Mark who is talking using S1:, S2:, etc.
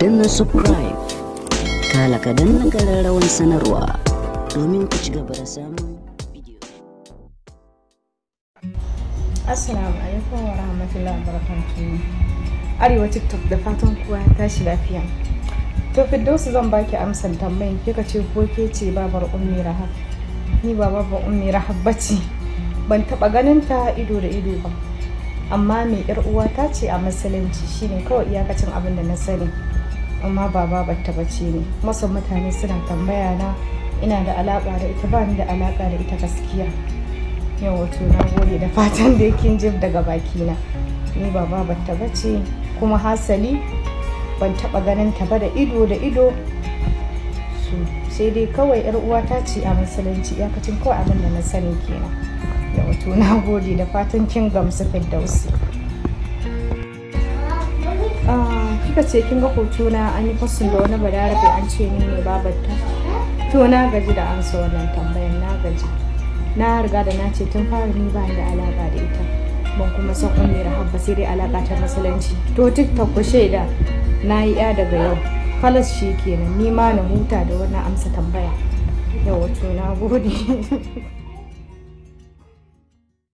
S1: danna subscribe kala ka danna kararrawan sanarwa domin ku ci gaba da samun bidiyo
S2: assalamu alaikum wa rahmatullahi wa barakatuhu arewa tiktok da fatan kuwa tashi lafiya to firdausu zan baki amsan tambayin kika ce ko ke ce babar ummi rahab ni ba babar ummi rahab bace ban taba ganin ta ido da ido ba amma mai yar uwa ta ce a musulunci shine kawai iyakacin abin da na sani amma ba bata bace ne masu mutane suna tambaya na ina da alaka da ita ba ni da alaka da ita gaskiya yau wato na gode da fatan da yake jin daga baki na ni ba bata bace kuma hasali ban taba ganin ta ba da ido da ido sai dai kawai yar uwata ce a musulunci iyakacin kawai abin da na sani kenan yau wato na gode da fatan kin gamsu Fiddausi. kika ce kin ga hoto na an yi fasin da wani balarabe an ce ni ne ta to na gaji da amsa wannan tambayar na gaji na riga da na ce tun fara ni ba da alaka da ita ban kuma san mai rahab ba sai dai alaka ta musulunci to tiktok ko shaida na yi ya daga yau falas shi kenan ni ma na huta da wannan amsa tambaya yau wato na gode